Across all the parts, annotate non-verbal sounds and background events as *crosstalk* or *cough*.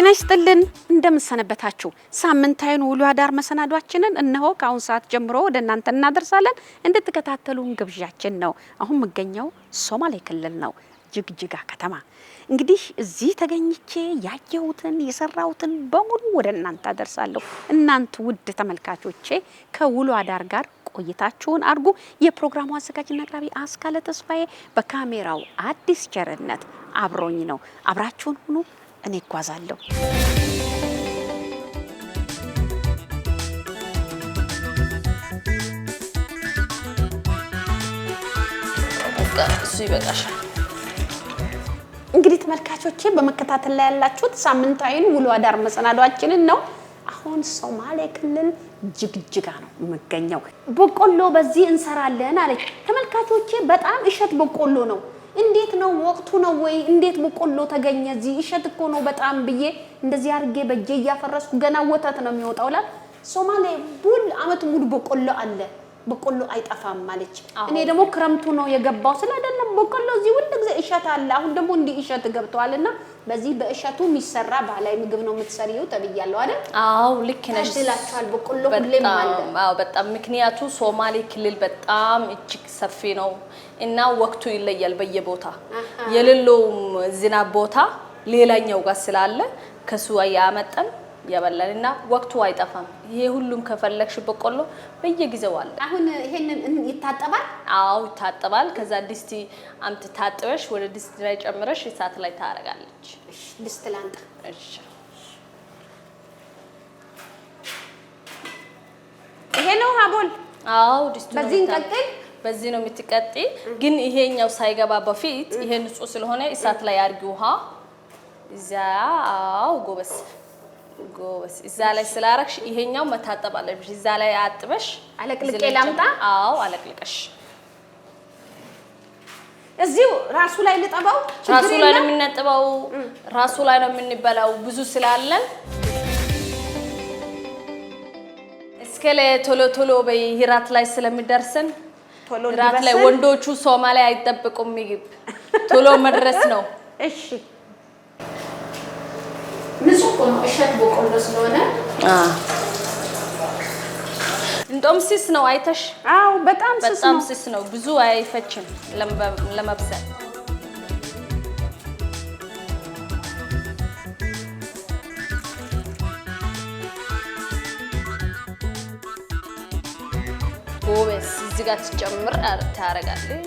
ጤና ይስጥልን እንደምንሰነበታችሁ። ሳምንታዊን ውሎ አዳር መሰናዷችንን እነሆ ከአሁን ሰዓት ጀምሮ ወደ እናንተ እናደርሳለን። እንድትከታተሉን ግብዣችን ነው። አሁን የምገኘው ሶማሌ ክልል ነው፣ ጅግጅጋ ከተማ። እንግዲህ እዚህ ተገኝቼ ያየሁትን የሰራሁትን በሙሉ ወደ እናንተ አደርሳለሁ። እናንተ ውድ ተመልካቾቼ ከውሎ አዳር ጋር ቆይታችሁን አድርጉ። የፕሮግራሙ አዘጋጅና አቅራቢ አስካለ ተስፋዬ፣ በካሜራው አዲስ ቸርነት አብሮኝ ነው። አብራችሁን ሁኑ። እኔ እጓዛለሁ። እሱ ይበቃሻል። እንግዲህ ተመልካቾቼ በመከታተል ላይ ያላችሁት ሳምንታዊን ውሎ አዳር መሰናዷችንን ነው። አሁን ሶማሌ ክልል ጅግጅጋ ነው የምገኘው። በቆሎ በዚህ እንሰራለን አለች። ተመልካቾቼ በጣም እሸት በቆሎ ነው። እንዴት ነው ወቅቱ ነው ወይ? እንዴት በቆሎ ተገኘ? እዚህ እሸት እኮ ነው በጣም ብዬ እንደዚህ አድርጌ በእጄ እያፈረስኩ ገና ወተት ነው የሚወጣው ላል ሶማሌ ቡል አመት ሙሉ በቆሎ አለ በቆሎ አይጠፋም ማለች። እኔ ደግሞ ክረምቱ ነው የገባው ስለ አይደለም በቆሎ እዚህ ሁል ጊዜ እሸት አለ። አሁን ደግሞ እንዲህ እሸት ገብተዋል እና በዚህ በእሸቱ የሚሰራ ባህላዊ ምግብ ነው የምትሰሪው ተብያለሁ አይደል? አዎ ልክ ነሽ። እላችኋል በቆሎ ሁሌም አለ። በጣም ምክንያቱ ሶማሌ ክልል በጣም እጅግ ሰፊ ነው። እና ወቅቱ ይለያል በየቦታ የሌለውም ዝናብ ቦታ ሌላኛው ጋር ስላለ ከሱ አያመጠን ያበላል እና ወቅቱ አይጠፋም። ይሄ ሁሉም ከፈለግሽ በቆሎ በየጊዜው አለ። አሁን ይሄንን ይታጠባል። አዎ ይታጠባል። ከዛ ድስቲ አምጥ ታጥበሽ ወደ ድስት ላይ ጨምረሽ እሳት ላይ ታረጋለች። ድስት ላንጣ። እሺ፣ ይሄ ነው አቦል። አዎ፣ ድስቱ በዚህ እንቀጥል በዚህ ነው የምትቀጤ። ግን ይሄኛው ሳይገባ በፊት ይሄ ንጹህ ስለሆነ እሳት ላይ አድርጊ ውሃ እዛ። አዎ ጎበስ ጎበስ። እዛ ላይ ስላረግሽ ይሄኛው መታጠብ አለብሽ። እዛ ላይ አጥበሽ አለቅልቄ ላምጣ። አዎ አለቅልቀሽ እዚሁ ራሱ ላይ ልጠባው። ራሱ ላይ ነው የምንነጥበው፣ ራሱ ላይ ነው የምንበላው። ብዙ ስላለን እስከ ቶሎ ቶሎ በይ ሂራት ላይ ስለሚደርሰን ቶሎ ራት ላይ ወንዶቹ ሶማሊያ አይጠብቁም። ምግብ ቶሎ መድረስ ነው። እሺ ንጹህ ነው። እሸት በቆሎ ስለሆነ እንደውም ስስ ነው። አይተሽ? አዎ፣ በጣም ስስ ነው። ብዙ አይፈችም ለመብሰል እዚህ ጋር ትጨምር ታደርጋለች።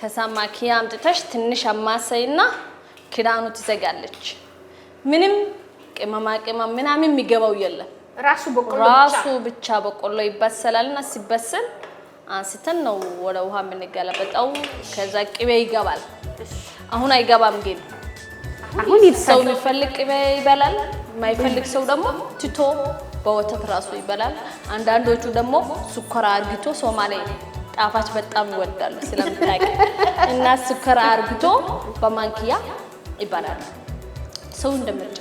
ከሳማኪያ አምጥተሽ ትንሽ አማሰይና ክዳኑ ትዘጋለች። ምንም ቅመማ ቅመም ምናምን የሚገባው የለም። ራሱ ብቻ በቆሎ ይበሰላልና ሲበሰል አንስተን ነው ወደ ውሃ የምንገለበጠው። ከዛ ቅቤ ይገባል። አሁን አይገባም ግን አሁን ሰው የሚፈልግ ይበላል። የማይፈልግ ሰው ደግሞ ትቶ በወተት ራሱ ይበላል። አንዳንዶቹ ደግሞ ስኳር አርግቶ ሶማሌ ጣፋጭ በጣም ይወዳሉ ስለምታውቂ *laughs* እና ስኳር አርግቶ በማንኪያ ይበላል። ሰው እንደምርጫ፣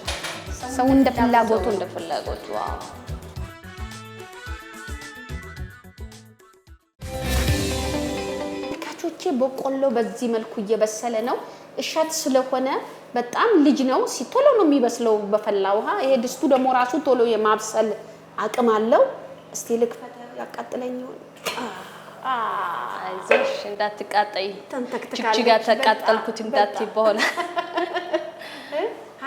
ሰው እንደ ፍላጎቱ እንደ ፍላጎቱ ሰርቼ በቆሎ በዚህ መልኩ እየበሰለ ነው። እሸት ስለሆነ በጣም ልጅ ነው፣ ሲቶሎ ነው የሚበስለው በፈላ ውሃ። ይሄ ድስቱ ደግሞ ራሱ ቶሎ የማብሰል አቅም አለው። እስቲ ልክፈት፣ ያቃጥለኝ ይሆን? ዘሽ እንዳትቃጠይ ጅጅጋ ተቃጠልኩት እንዳት በኋላ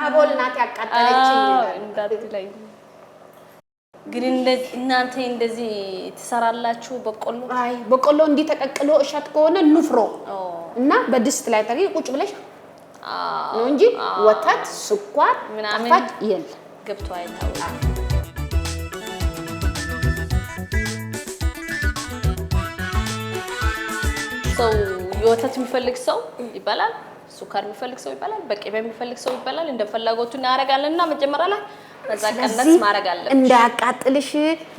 ሀቦል ናት ያቃጠለችኝ እንዳትለኝ ግን እናንተ እንደዚህ ትሰራላችሁ? በቆሎ አይ በቆሎ እንዲህ ተቀቅሎ እሸት ከሆነ ኑፍሮ እና በድስት ላይ ታገኝ ቁጭ ብለሽ ነው እንጂ ወተት፣ ስኳር ምናምን የለ ገብቶ አይታወቅም። ሰው የወተት የሚፈልግ ሰው ይባላል ሱካር የሚፈልግ ሰው ይበላል፣ በቅቤ የሚፈልግ ሰው ይበላል። እንደ ፍላጎቱ እናደርጋለን እና መጀመሪያ ላይ በዛ ቀነስ ማድረግ አለብሽ። እንዳያቃጥልሽ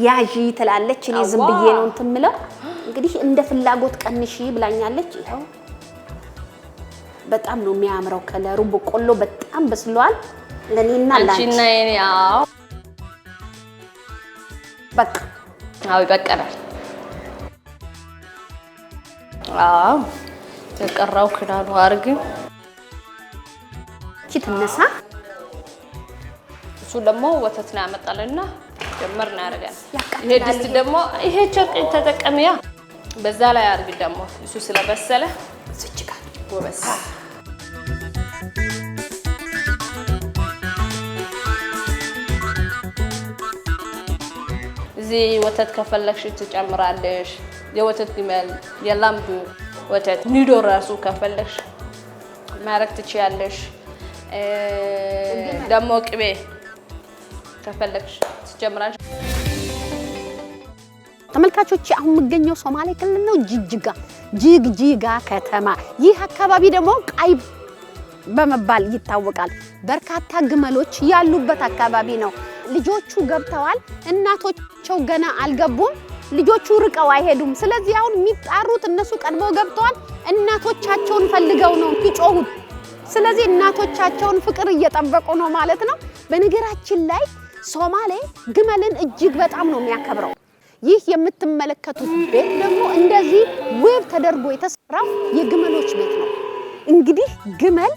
ያዥ ትላለች። እኔ ዝም ብዬ ነው እንትን የምለው። እንግዲህ እንደ ፍላጎት ቀንሽ ብላኛለች። ይኸው በጣም ነው የሚያምረው ከለሩ። በቆሎ በጣም በስሏል። ለእኔና ላንቺ በቃ አዎ፣ ይበቃናል። አዎ የቀራው ክዳኑ አርግ ትነሳ። እሱ ደግሞ ወተት ነው ያመጣልና ጀመር ነው ያደርጋል። ይሄ ድስት ደግሞ ይሄ ጨርቅ ተጠቀሚያ በዛ ላይ አርግ ደግሞ እሱ ስለበሰለ ጎበስ እዚህ ወተት ከፈለግሽ ትጨምራለሽ። የወተት ግመል ወተት ኒዶ ራሱ ከፈለሽ ማረግ ትችያለሽ። ደግሞ ቅቤ ከፈለግሽ ትጨምራለሽ። ተመልካቾች አሁን የምገኘው ሶማሌ ክልል ነው፣ ጅጅጋ ጅግጅጋ ከተማ። ይህ አካባቢ ደግሞ ቃይ በመባል ይታወቃል። በርካታ ግመሎች ያሉበት አካባቢ ነው። ልጆቹ ገብተዋል፣ እናቶቸው ገና አልገቡም። ልጆቹ ርቀው አይሄዱም። ስለዚህ አሁን የሚጣሩት እነሱ ቀድሞ ገብተዋል። እናቶቻቸውን ፈልገው ነው የሚጮሁት። ስለዚህ እናቶቻቸውን ፍቅር እየጠበቁ ነው ማለት ነው። በነገራችን ላይ ሶማሌ ግመልን እጅግ በጣም ነው የሚያከብረው። ይህ የምትመለከቱት ቤት ደግሞ እንደዚህ ውብ ተደርጎ የተሰራ የግመሎች ቤት ነው። እንግዲህ ግመል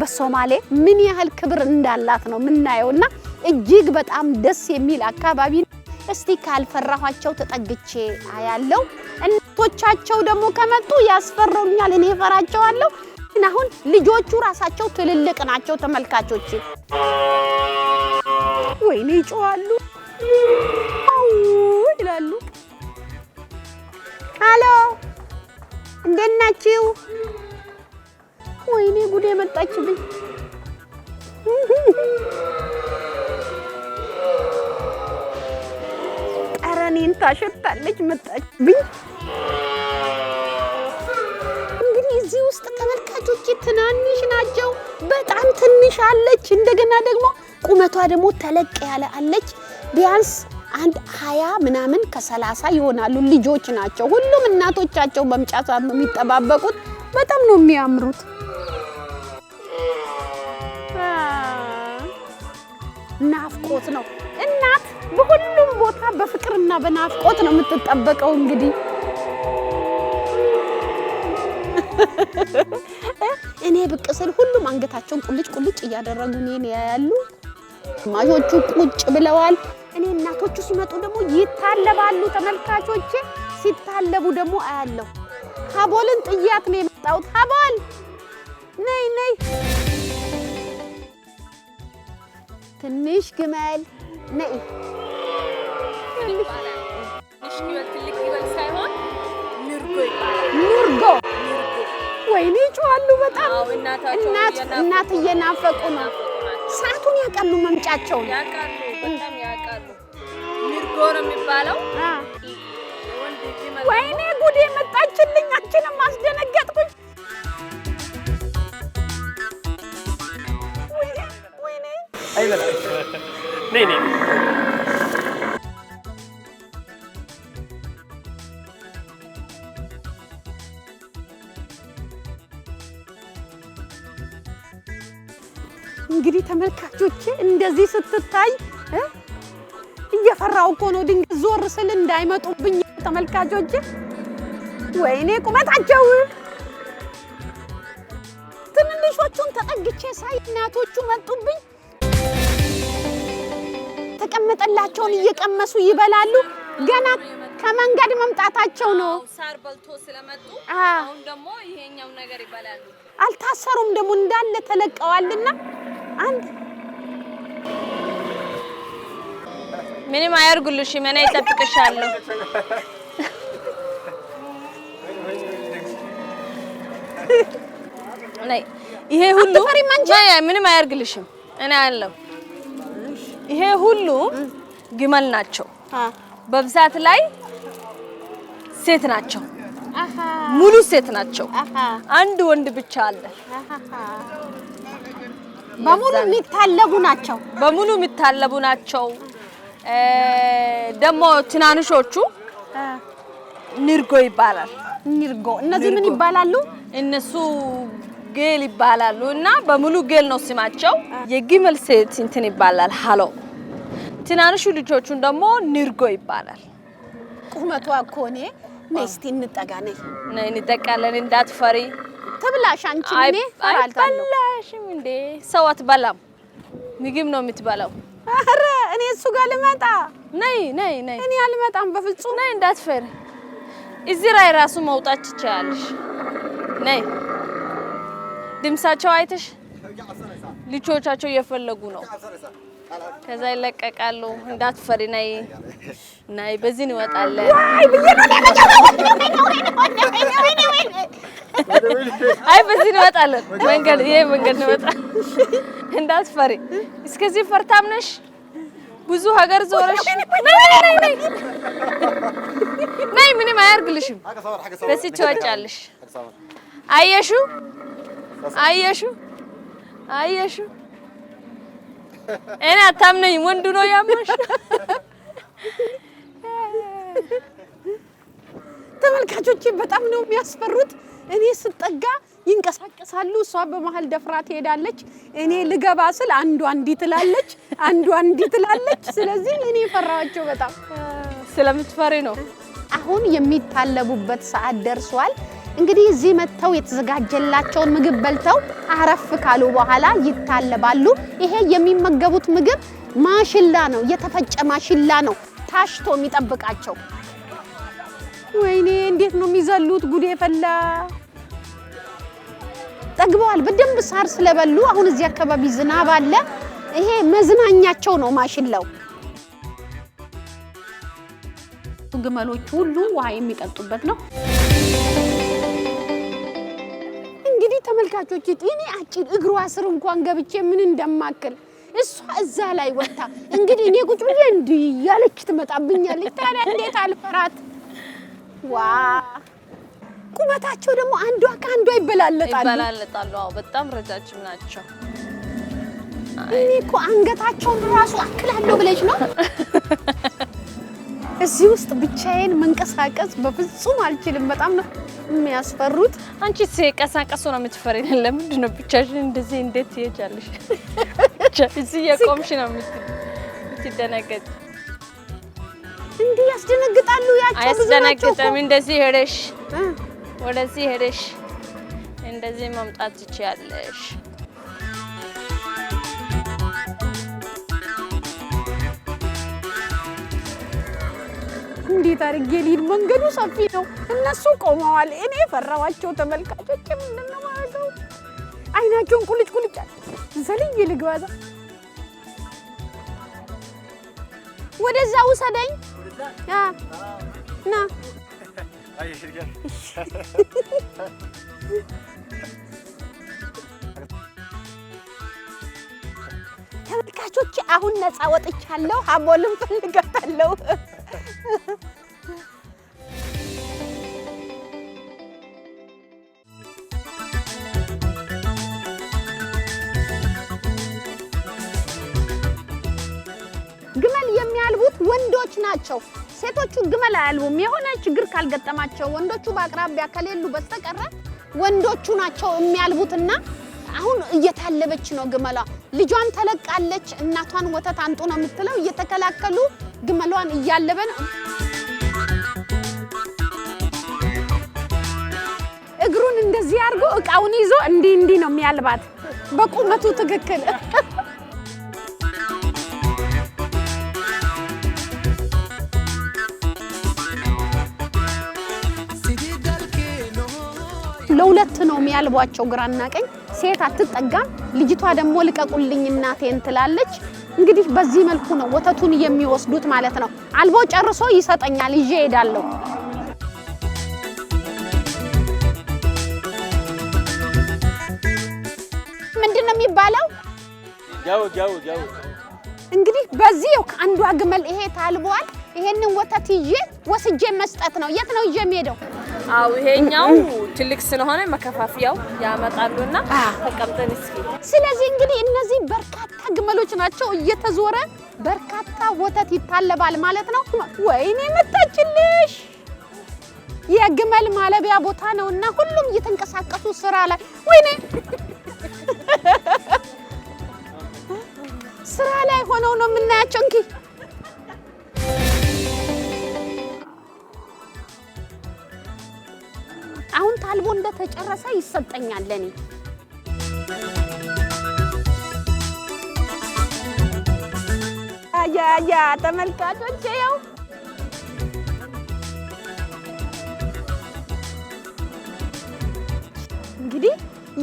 በሶማሌ ምን ያህል ክብር እንዳላት ነው የምናየው እና እጅግ በጣም ደስ የሚል አካባቢ እስቲ ካልፈራኋቸው ተጠግቼ አያለው። እናቶቻቸው ደግሞ ከመጡ ያስፈረውኛል፣ እኔ ፈራቸዋለሁ። ግን አሁን ልጆቹ ራሳቸው ትልልቅ ናቸው። ተመልካቾች ወይኔ ይጮዋሉ፣ አው ይላሉ። አሎ እንዴት ናችሁ? ወይኔ ጉዴ መጣችብኝ። እኔን ታሸታለች መጣችብኝ። እንግዲህ እዚህ ውስጥ ተመልካቾች ትናንሽ ናቸው። በጣም ትንሽ አለች፣ እንደገና ደግሞ ቁመቷ ደግሞ ተለቅ ያለ አለች። ቢያንስ አንድ ሀያ ምናምን ከሰላሳ ይሆናሉ። ልጆች ናቸው። ሁሉም እናቶቻቸው በምጫ ሰዓት ነው የሚጠባበቁት። በጣም ነው የሚያምሩት። ናፍቆት ነው እናት በሁሉ በፍቅርና በናፍቆት ነው የምትጠበቀው። እንግዲህ እኔ ብቅ ስል ሁሉም አንገታቸውን ቁልጭ ቁልጭ እያደረጉ እኔን ያያሉ። ግማሾቹ ቁጭ ብለዋል። እኔ እናቶቹ ሲመጡ ደግሞ ይታለባሉ። ተመልካቾቼ ሲታለቡ ደግሞ አያለሁ። ሀቦልን ጥያት ነው የመጣሁት። ሀቦል ነይ ነይ፣ ትንሽ ግመል ነይ ይባላል። ሳይሆን ንርጎ ወይኔ ይጮዋሉ በጣም እናት እየናፈቁ ነው። ሰዓቱን ያውቃሉ፣ መምጫቸውን ያውቃሉ፣ በጣም ያውቃሉ። ንርጎ ነው የሚባለው። ወይኔ ጉዴ መጣችልኝ፣ አንቺንም ወይኔ ተመልካቾቼ እንደዚህ ስትታይ እየፈራው እኮ ነው። ድንገት ዞር ስል እንዳይመጡብኝ ተመልካቾቼ። ወይኔ ቁመታቸው ትንንሾቹን ተጠግቼ ሳይ እናቶቹ መጡብኝ። ተቀመጠላቸውን እየቀመሱ ይበላሉ። ገና ከመንገድ መምጣታቸው ነው። ሳር በልቶ ስለመጡ አሁን ደግሞ ይሄኛው ነገር ይበላሉ። አልታሰሩም ደግሞ እንዳለ ተለቀዋልና አንድ ምንም አያርጉልሽም። አይጠብቅሻለሁ። እጠብቅሻለሁ። ይሄ ሁሉ ምንም አያርግልሽም። እኔ አለው ይሄ ሁሉ ግመል ናቸው። በብዛት ላይ ሴት ናቸው። ሙሉ ሴት ናቸው። አንድ ወንድ ብቻ አለ። በሙሉ የሚታለቡ ናቸው። በሙሉ የሚታለቡ ናቸው። ደግሞ ትናንሾቹ ንርጎ ይባላል። ንርጎ እነዚህ ምን ይባላሉ? እነሱ ጌል ይባላሉ። እና በሙሉ ጌል ነው ስማቸው። የግመል ሴት እንትን ይባላል ሀሎ። ትናንሹ ልጆቹን ደግሞ ንርጎ ይባላል። ቁመቷ እኮ እኔ ነይ እስኪ እንጠጋ ነይ፣ እንጠቃለን እንዳትፈሪ ትብላሽ። አንቺ እንዴ አይበላሽም እንዴ? ሰው አትበላም፣ ምግብ ነው የምትበላው። ኧረ እኔ እሱ ጋር ልመጣ። ነይ ነይ ነይ። እኔ አልመጣም በፍጹም። ነይ እንዳትፈሪ፣ እዚህ ላይ ራሱ መውጣት ትችያለሽ። ነይ። ድምፃቸው አይተሽ ልጆቻቸው እየፈለጉ ነው። ከዛ ይለቀቃሉ። እንዳትፈሪ ነይ ነይ። በዚህ እንወጣለን ከዚህ እንወጣለን። መንገድ ይሄ መንገድ እንወጣ እንዳትፈሪ። እስከዚህ ፈርታም ነሽ፣ ብዙ ሀገር ዞረሽ። ነይ ምንም አያርግልሽም። በስ ትወጫለሽ። አየሹ አየሹ አየሹ። እኔ አታምነኝ። ወንዱ ነው ያመሽ ተመልካቾቼ በጣም ነው የሚያስፈሩት። እኔ ስጠጋ ይንቀሳቀሳሉ። እሷ በመሀል ደፍራ ትሄዳለች። እኔ ልገባ ስል አንዷ እንዲህ ትላለች፣ አንዷ እንዲህ ትላለች። ስለዚህ እኔ ፈራኋቸው በጣም ስለምትፈሪ ነው። አሁን የሚታለቡበት ሰዓት ደርሷል። እንግዲህ እዚህ መጥተው የተዘጋጀላቸውን ምግብ በልተው አረፍ ካሉ በኋላ ይታለባሉ። ይሄ የሚመገቡት ምግብ ማሽላ ነው፣ የተፈጨ ማሽላ ነው ታሽቶ የሚጠብቃቸው። ወይኔ እንዴት ነው የሚዘሉት! ጉዴ ፈላ። ጠግበዋል። በደንብ ሳር ስለበሉ አሁን እዚህ አካባቢ ዝናብ አለ። ይሄ መዝናኛቸው ነው ማሽላው። ግመሎቹ ሁሉ ውሃ የሚጠጡበት ነው። እንግዲህ ተመልካቾች እኔ አጭር እግሯ ስር እንኳን ገብቼ ምን እንደማክል እሷ እዛ ላይ ወጥታ እንግዲህ እኔ ቁጭ ብዬ እንዲህ እያለች ትመጣብኛለች። ታዲያ እንዴት አልፈራት ዋ ቁመታቸው ደግሞ አንዷ ከአንዷ ይበላለጣሉ ይበላለጣሉ። አዎ በጣም ረጃጅም ናቸው። እኔ እኮ አንገታቸውን ራሱ አክላለሁ ብለሽ ነው። *laughs* እዚህ ውስጥ ብቻዬን መንቀሳቀስ በፍጹም አልችልም። በጣም ነው የሚያስፈሩት። አንቺ ሲቀሳቀሱ ነው የምትፈሪ? ለምንድን ነው ብቻሽን እንደዚህ እንዴት ትሄጃለሽ? እዚህ የቆምሽ ነው የምትደነገጥ። እንዲህ ያስደነግጣሉ። ያቸው ብዙ ናቸው። አያስደነግጥም እንደዚህ ሄደሽ ወደዚህ ሄደሽ እንደዚህ መምጣት ትችያለሽ። እንዴት አድርጌ ልሂድ? መንገዱ ሰፊ ነው። እነሱ ቆመዋል፣ እኔ ፈራዋቸው። ተመልካቾች ምንድን ነው አይናቸውን ቁልጭ ቁልጭ ዘልዬ ልግባ። ወደዛ ውሰደኝ ና Hayır gel. ተመልካቾች አሁን ነፃ ወጥቻለሁ። ሀሞልም ፈልጋታለሁ። ግመል የሚያልቡት ወንዶች ናቸው። ሴቶቹ ግመል አያልቡም። የሆነ ችግር ካልገጠማቸው ወንዶቹ በአቅራቢያ ከሌሉ በስተቀረ ወንዶቹ ናቸው የሚያልቡትና አሁን እየታለበች ነው ግመሏ። ልጇን ተለቃለች። እናቷን ወተት አንጡ ነው የምትለው። እየተከላከሉ ግመሏን እያለበ ነው። እግሩን እንደዚህ አድርጎ እቃውን ይዞ እንዲህ እንዲህ ነው የሚያልባት በቁመቱ ትክክል ነው የሚያልቧቸው ግራና ቀኝ። ሴት አትጠጋም። ልጅቷ ደግሞ ልቀቁልኝ እናቴን ትላለች። እንግዲህ በዚህ መልኩ ነው ወተቱን የሚወስዱት ማለት ነው። አልቦ ጨርሶ ይሰጠኛል፣ ይዤ እሄዳለሁ። ምንድን ነው የሚባለው? እንግዲህ በዚህ ከአንዷ ግመል ይሄ ታልቧል። ይሄንን ወተት ይዤ ወስጄ መስጠት ነው። የት ነው ይዤ የሚሄደው? አው ይሄኛው ትልቅ ስለሆነ መከፋፊያው ያመጣሉና ተቀምጠን እስኪ። ስለዚህ እንግዲህ እነዚህ በርካታ ግመሎች ናቸው። እየተዞረ በርካታ ወተት ይታለባል ማለት ነው። ወይኔ መጣችልሽ! የግመል ማለቢያ ቦታ ነውና ሁሉም እየተንቀሳቀሱ ስራ ላይ ወይኔ ስራ ላይ ሆነው ነው የምናያቸው እንኪ አሁን ታልቦ እንደተጨረሰ ይሰጠኛል ለኔ። አያ አያ ተመልካቾች ያው እንግዲህ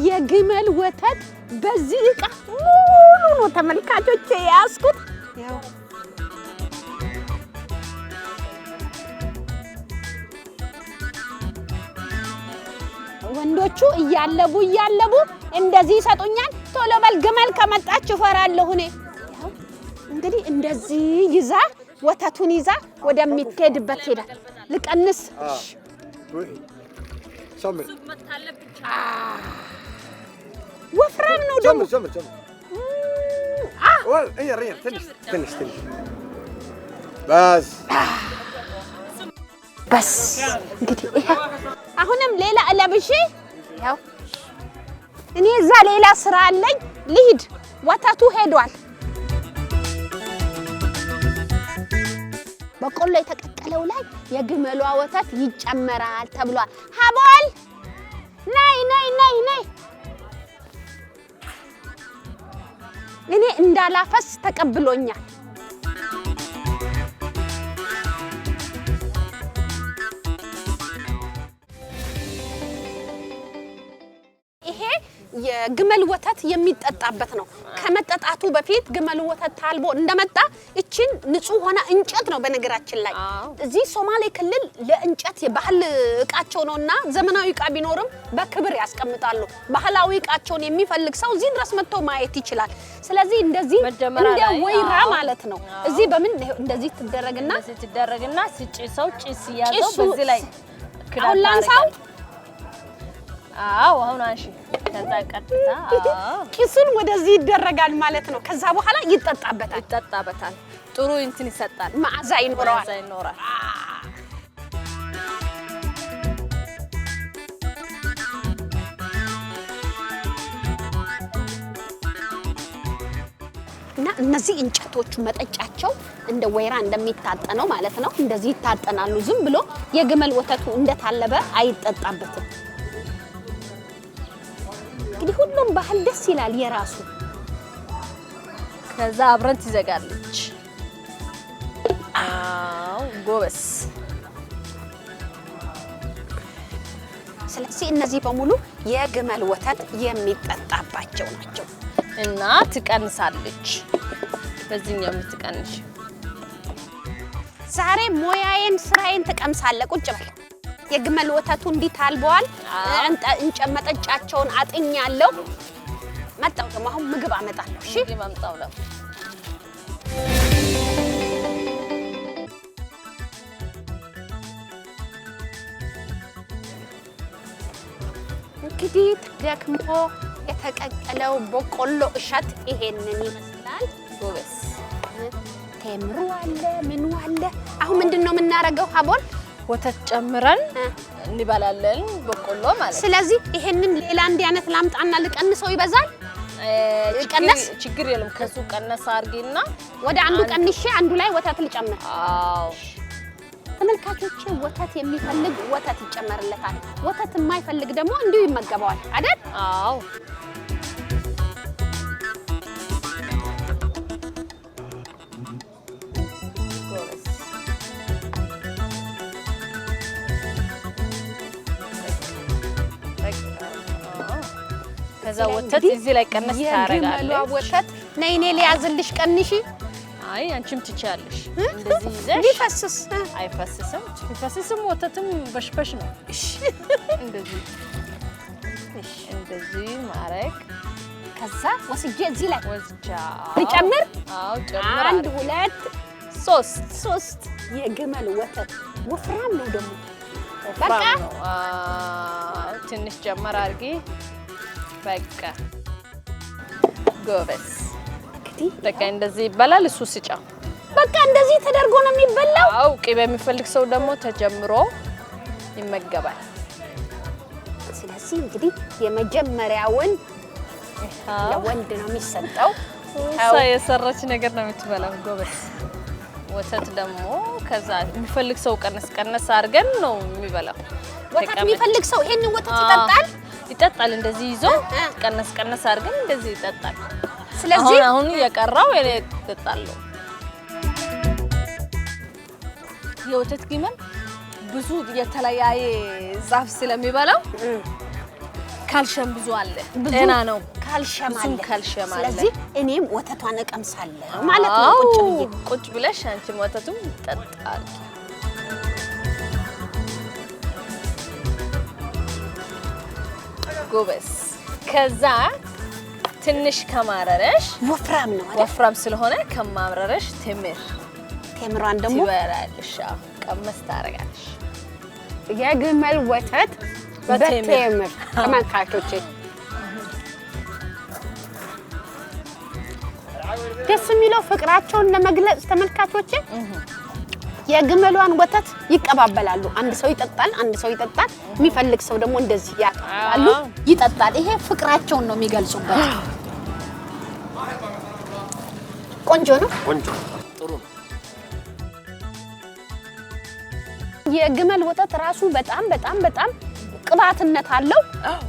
የግመል ወተት በዚህ እቃ ሙሉ ነው ተመልካቾቼ የያዝኩት። ግመሎቹ እያለቡ እያለቡ እንደዚህ ይሰጡኛል። ቶሎ በል ግመል ከመጣች እፈራለሁ እኔ። እንግዲህ እንደዚህ ይዛ ወተቱን ይዛ ወደሚትሄድበት ሄዳል። ልቀንስ ወፍራም ነው ደግሞ በስ እንግዲህ አሁንም ሌላ እለብሼ ያው እኔ እዛ ሌላ ስራ አለኝ ልሂድ። ወተቱ ሄዷል። በቆሎ የተቀቀለው ላይ የግመሏ ወተት ይጨመራል ተብሏል። ሀቦል ነይ ነይ ነይ ነይ። እኔ እንዳላፈስ ተቀብሎኛል። የግመል ወተት የሚጠጣበት ነው። ከመጠጣቱ በፊት ግመል ወተት ታልቦ እንደመጣ እችን ንጹህ ሆነ እንጨት ነው። በነገራችን ላይ እዚህ ሶማሌ ክልል ለእንጨት የባህል እቃቸው ነው እና ዘመናዊ እቃ ቢኖርም በክብር ያስቀምጣሉ። ባህላዊ እቃቸውን የሚፈልግ ሰው እዚህ ድረስ መጥቶ ማየት ይችላል። ስለዚህ እንደዚህ እንደ ወይራ ማለት ነው። እዚህ በምን እንደዚህ ትደረግና ትደረግና ስጭ ሰው ጭስ ያዘው በዚህ ላይ አሁን ላንሳው አዎ አሁን አንሺ። ከዛ ቀጥታ ኪሱን ወደዚህ ይደረጋል ማለት ነው። ከዛ በኋላ ይጠጣበታል ይጠጣበታል። ጥሩ እንትን ይሰጣል፣ መዓዛ ይኖረዋል ይኖራል። እና እነዚህ እንጨቶቹ መጠጫቸው እንደ ወይራ እንደሚታጠነው ማለት ነው። እንደዚህ ይታጠናሉ። ዝም ብሎ የግመል ወተቱ እንደታለበ አይጠጣበትም። እንግዲህ ሁሉም ባህል ደስ ይላል የራሱ። ከዛ አብረን ትዘጋለች። አዎ ጎበስ። ስለዚህ እነዚህ በሙሉ የግመል ወተት የሚጠጣባቸው ናቸው እና ትቀንሳለች። በዚህኛው የምትቀንሽ ዛሬ ሞያዬን ስራዬን ትቀምሳለህ። ቁጭ በል የግመል ወተቱ እንዲት አልበዋል። መጠጫቸውን አጥኛለሁ። መጣሁ ደግሞ አሁን ምግብ አመጣለሁ። እሺ እንግዲህ ተደክሞ የተቀቀለው በቆሎ እሸት ይሄንን ይመስላል። ጎበስ ቴምሩ አለ ምኑ አለ። አሁን ምንድን ነው የምናደርገው ሀቦል? ወተት ጨምረን እንበላለን። በቆሎ ማለት ስለዚህ ይሄንን ሌላ እንዲ አይነት ላምጣና ልቀንሰው ይበዛል። ቀነስ ችግር የለም። ከሱ ቀነስ አድርጌና ወደ አንዱ ቀንሼ አንዱ ላይ ወተት ልጨምር። አዎ ተመልካቾቼ ወተት የሚፈልግ ወተት ይጨመርለታል። ወተት የማይፈልግ ደግሞ እንዲሁ ይመገበዋል አይደል? አዎ የበዛ ወተት እዚህ ላይ ቀነስ ታረጋለህ። ወተት ነይ እኔ ሊያዝልሽ ቀንሺ። አይ አንቺም ትችያለሽ። ቢፈስስ አይፈስስም። ቢፈስስም ወተትም በሽበሽ ነው። እሺ እንደዚህ እሺ፣ እንደዚህ ማረግ ከዛ ወስጄ እዚህ ላይ ወስጃ ልጨምር። አዎ ጨምር። አንድ ሁለት ሶስት ሶስት የግመል ወተት ወፍራም ነው ደግሞ በቃ ትንሽ ጨመር አድርጊ። በቃ ጎበስ። በቃ እንደዚህ ይበላል። እሱ ስጫ በቃ እንደዚህ ተደርጎ ነው የሚበላው። አው ቅቤ የሚፈልግ ሰው ደግሞ ተጀምሮ ይመገባል። ስለዚህ እንግዲህ የመጀመሪያውን ወንድ ነው የሚሰጠው። የሰራች ነገር ነው የምትበላው። ጎበስ። ወተት ደግሞ ከዛ የሚፈልግ ሰው ቀነስ ቀነስ አድርገን ነው የሚበላው። ወተት የሚፈልግ ሰው ይሄንን ወተት ይጠጣል። ይጠጣል። እንደዚህ ይዞ ቀነስ ቀነስ አድርገን እንደዚህ ይጠጣል። ስለዚህ አሁን እየቀራው ይጠጣለሁ። የወተት ግመል ብዙ የተለያየ ዛፍ ስለሚበላው ካልሸም ብዙ አለ። ጤና ነው ካልሸም አለ። ስለዚህ እኔም ወተቷን እቀምሳለሁ ማለት ነው። ቁጭ ብለሽ አንቺም ወተቱም ይጠጣል። ጎበስ። ከዛ ትንሽ ከማረረሽ ወፍራም ነው አይደል? ወፍራም ስለሆነ ከማረረሽ ቴምር ቴምሯን ደግሞ ትበላለሽ። ቀመስ ታደርጋለሽ። የግመል ወተት በቴምር ተመልካቾቼ ደስ የሚለው ፍቅራቸውን ለመግለጽ ተመልካቾቼ የግመሏን ወተት ይቀባበላሉ። አንድ ሰው ይጠጣል፣ አንድ ሰው ይጠጣል። የሚፈልግ ሰው ደግሞ እንደዚህ ያ አሉ ይጠጣል። ይሄ ፍቅራቸውን ነው የሚገልጹበት። ቆንጆ ነው። ቆንጆ ጥሩ ነው። የግመል ወተት ራሱ በጣም በጣም በጣም ቅባትነት አለው።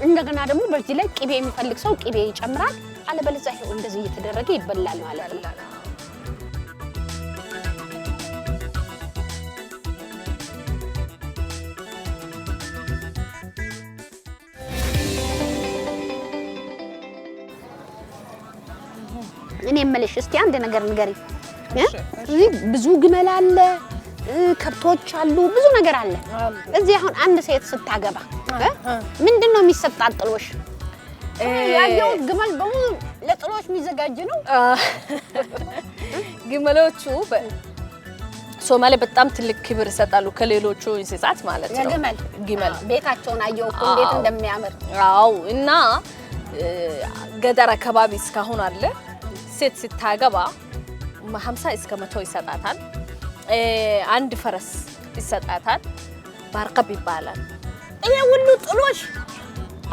እንደገና ደግሞ በዚህ ላይ ቅቤ የሚፈልግ ሰው ቅቤ ይጨምራል። አለበለዚያ ይሄው እንደዚህ እየተደረገ ይበላል ማለት ነው። ታውቂያለሽ? እስቲ አንድ ነገር ንገሪኝ። እዚህ ብዙ ግመል አለ፣ ከብቶች አሉ፣ ብዙ ነገር አለ። እዚህ አሁን አንድ ሴት ስታገባ ምንድን ነው የሚሰጣት? ጥሎሽ ያየሁት ግመል በሙሉ ለጥሎሽ የሚዘጋጅ ነው። ግመሎቹ ሶማሌ በጣም ትልቅ ክብር ይሰጣሉ፣ ከሌሎቹ እንስሳት ማለት ነው። ግመል ቤታቸውን አየሁ እኮ እንዴት እንደሚያምር። አዎ። እና ገጠር አካባቢ እስካሁን አለ ሴት ስታገባ 50 እስከ መቶ ይሰጣታል። አንድ ፈረስ ይሰጣታል። ባርከብ ይባላል። ይሄ ሁሉ ጥሎሽ?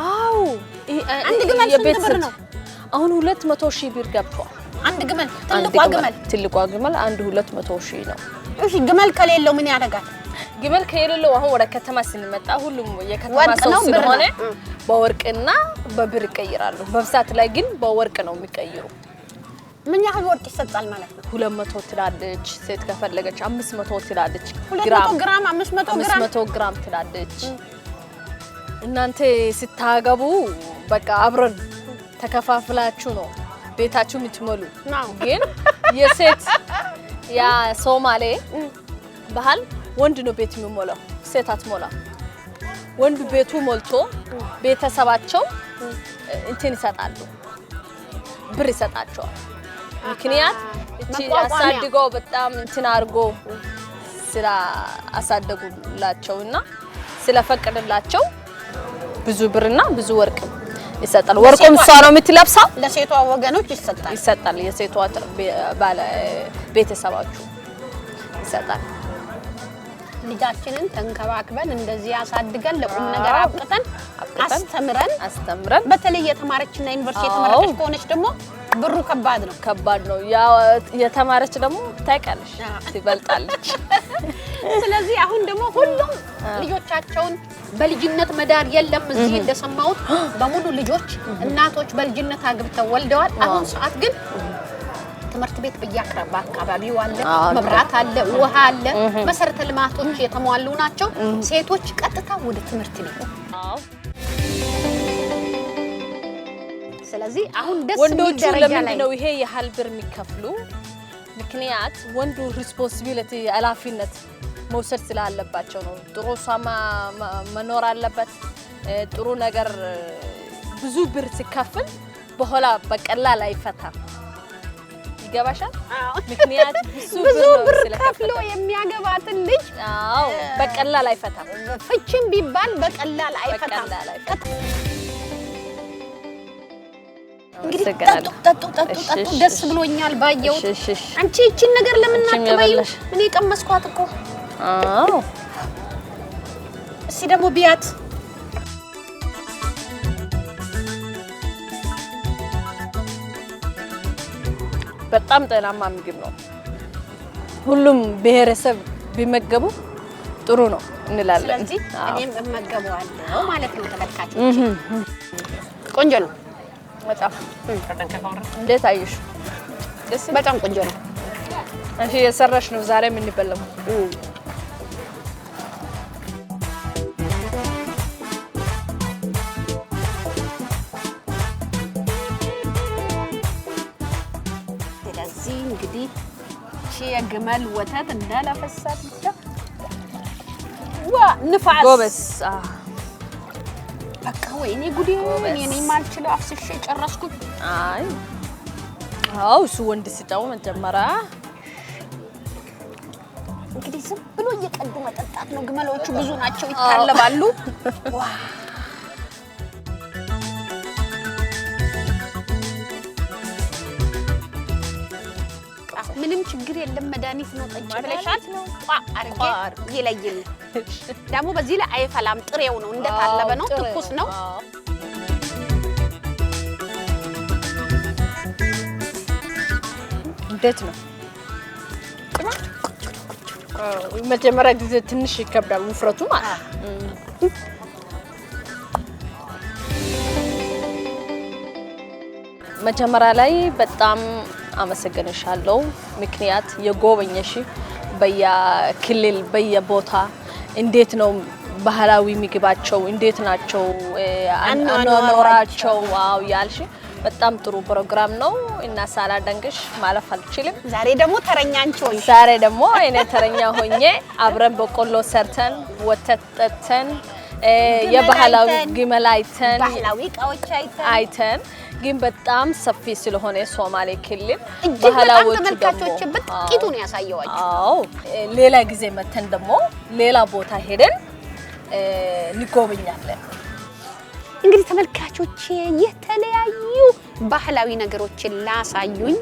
አዎ። አንድ ግመል ስንት ብር ነው? አሁን ሁለት መቶ ሺህ ብር ገብቷል። አንድ ግመል ትልቋ ግመል ትልቋ ግመል አንድ ሁለት መቶ ሺህ ነው። እሺ ግመል ከሌለው ምን ያደርጋል? ግመል ከሌለው አሁን ወደ ከተማ ስንመጣ ሁሉም የከተማ ሰው ስለሆነ በወርቅና በብር ይቀይራሉ። በብዛት ላይ ግን በወርቅ ነው የሚቀይሩ። ምን ያህል ወርቅ ይሰጣል ማለት ነው? 200 ትላለች ሴት ከፈለገች 500 ትላለች፣ 200 ግራም 500 ግራም ትላለች። እናንተ ስታገቡ በቃ አብረን ተከፋፍላችሁ ነው ቤታችሁ የምትሞሉ። ግን የሴት ያ ሶማሌ ባህል ወንድ ነው ቤት የሚሞላው፣ ሴት አትሞላም። ወንዱ ቤቱ ሞልቶ ቤተሰባቸው እንትን ይሰጣሉ፣ ብር ይሰጣቸዋል። ምክንያት እቺ በጣም እንትን አድርጎ ስራ አሳደጉላቸውና ስለፈቀደላቸው ብዙ ብርና ብዙ ወርቅ ይሰጣል። ወርቁም እሷ ነው የምትለብሳው ለሴቷ ወገኖች ይሰጣል ይሰጣል የሴቷ ቤተሰባችሁ ይሰጣል። ልጃችንን ተንከባክበን እንደዚህ አሳድገን ለቁም ነገር አብቅተን አስተምረን አስተምረን በተለይ የተማረችና ዩኒቨርሲቲ የተመረቀች ከሆነች ደግሞ ብሩ ከባድ ነው፣ ከባድ ነው። ያው የተማረች ደግሞ ታይቀለሽ ትበልጣለች። *laughs* ስለዚህ አሁን ደግሞ ሁሉም ልጆቻቸውን በልጅነት መዳር የለም። እዚህ እንደሰማሁት በሙሉ ልጆች እናቶች በልጅነት አግብተው ወልደዋል። አሁን ሰዓት ግን ትምህርት ቤት በየአቅራቢያው አካባቢ አለ፣ መብራት አለ፣ ውሃ አለ። መሰረተ ልማቶች የተሟሉ ናቸው። ሴቶች ቀጥታ ወደ ትምህርት ቤት። ስለዚህ አሁን ደስ ወንዶቹ ለምንድን ነው ይሄ ያህል ብር የሚከፍሉ? ምክንያት ወንዱ ሪስፖንሲቢሊቲ ኃላፊነት መውሰድ ስላለባቸው ነው። ጥሩ ሷማ መኖር አለበት። ጥሩ ነገር ብዙ ብር ሲከፍል በኋላ በቀላል አይፈታም። ይገባሻል። ምክንያት ብዙ *laughs* ብር ከፍሎ የሚያገባትን ልጅ በቀላል አይፈታም። ፍቺም ቢባል በቀላል አይፈታም። እንግዲህ ጠጡ ጠጡ ጠጡ ደስ ብሎኛል ባየሁት። አንቺ ይቺን ነገር ለምን አትበይም? እኔ ቀመስኳት እኮ። እስኪ ደግሞ ቢያት በጣም ጤናማ ምግብ ነው። ሁሉም ብሔረሰብ ቢመገቡ ጥሩ ነው እንላለን። ስለዚህ እኔም እመገበዋለሁ ማለት ነው። ተመልካቾች ቆንጆ ነው በጣም እንዴት አየሽ? በጣም ቆንጆ ነው። እሺ የሰራሽ ነው ዛሬ የምንበላው ግመል ወተት እንዳላፈሳት ብቻ ንፋስ ጎበዝ። በቃ ወይኔ ጉዴ! እኔ ማልችለው አፍስሼ ጨረስኩት። አይ አው እሱ ወንድ ስጠው መጀመሪያ። እንግዲህ ዝም ብሎ እየቀዱ መጠጣት ነው። ግመሎቹ ብዙ ናቸው፣ ይታለባሉ። ምንም ችግር የለም። መድኃኒት ነው ጠጪ ብለሻል። አርጌ ይለይል ደግሞ በዚህ ላይ አይፈላም። ጥሬው ነው እንደታለበ ነው። ትኩስ ነው። እንዴት ነው መጀመሪያ ጊዜ ትንሽ ይከብዳል ውፍረቱ ማለት ነው። መጀመሪያ ላይ በጣም አመሰግንሻለሁ። ምክንያት የጎበኘሽ በየክልል በየቦታ እንዴት ነው ባህላዊ ምግባቸው እንዴት ናቸው አኗኗራቸው? ዋው ያልሽ በጣም ጥሩ ፕሮግራም ነው እና ሳላደንቅሽ ማለፍ አልችልም። ዛሬ ደግሞ ተረኛ አንቺ ሆኜ ዛሬ ደግሞ እኔ ተረኛ ሆኜ አብረን በቆሎ ሰርተን ወተት ጠጥተን የባህላዊ ግመል አይተን ባህላዊ እቃዎች አይተን ግን በጣም ሰፊ ስለሆነ ሶማሌ ክልል ባህላዊ ተመልካቾች በጥቂቱን ያሳየዋቸው። አዎ ሌላ ጊዜ መተን ደግሞ ሌላ ቦታ ሄደን እንጎበኛለን። እንግዲህ ተመልካቾች የተለያዩ ባህላዊ ነገሮችን ላሳዩኝ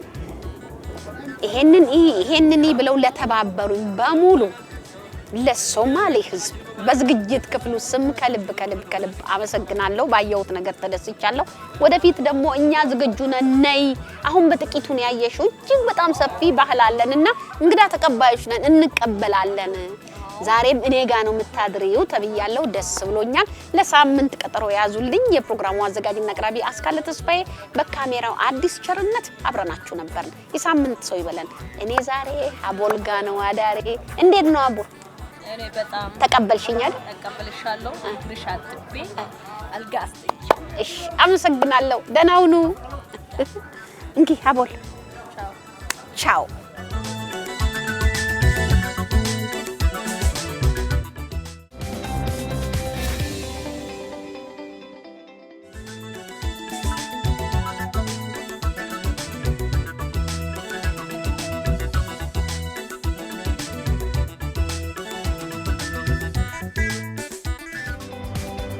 ይሄንን ይሄንን ብለው ለተባበሩኝ በሙሉ ለሶማሌ ህዝብ። በዝግጅት ክፍሉ ስም ከልብ ከልብ ከልብ አመሰግናለሁ። ባየሁት ነገር ተደስቻለሁ። ወደፊት ደግሞ እኛ ዝግጁ ነን፣ ነይ። አሁን በጥቂቱን ያየሽው እጅግ በጣም ሰፊ ባህል አለን እና እንግዳ ተቀባዮች ነን፣ እንቀበላለን። ዛሬም እኔ ጋ ነው የምታድሪው ተብያለሁ። ደስ ብሎኛል። ለሳምንት ቀጠሮ ያዙልኝ። የፕሮግራሙ አዘጋጅና አቅራቢ አስካለ ተስፋዬ፣ በካሜራው አዲስ ቸርነት አብረናችሁ ነበርን። የሳምንት ሰው ይበለን። እኔ ዛሬ አቦል ጋ ነው አዳሬ። እንዴት ነው አቦል? እኔ ተቀበልሽኛል። እሺ፣ አመሰግናለሁ። ደህና ሁኑ። እንኪ አቦል ቻው።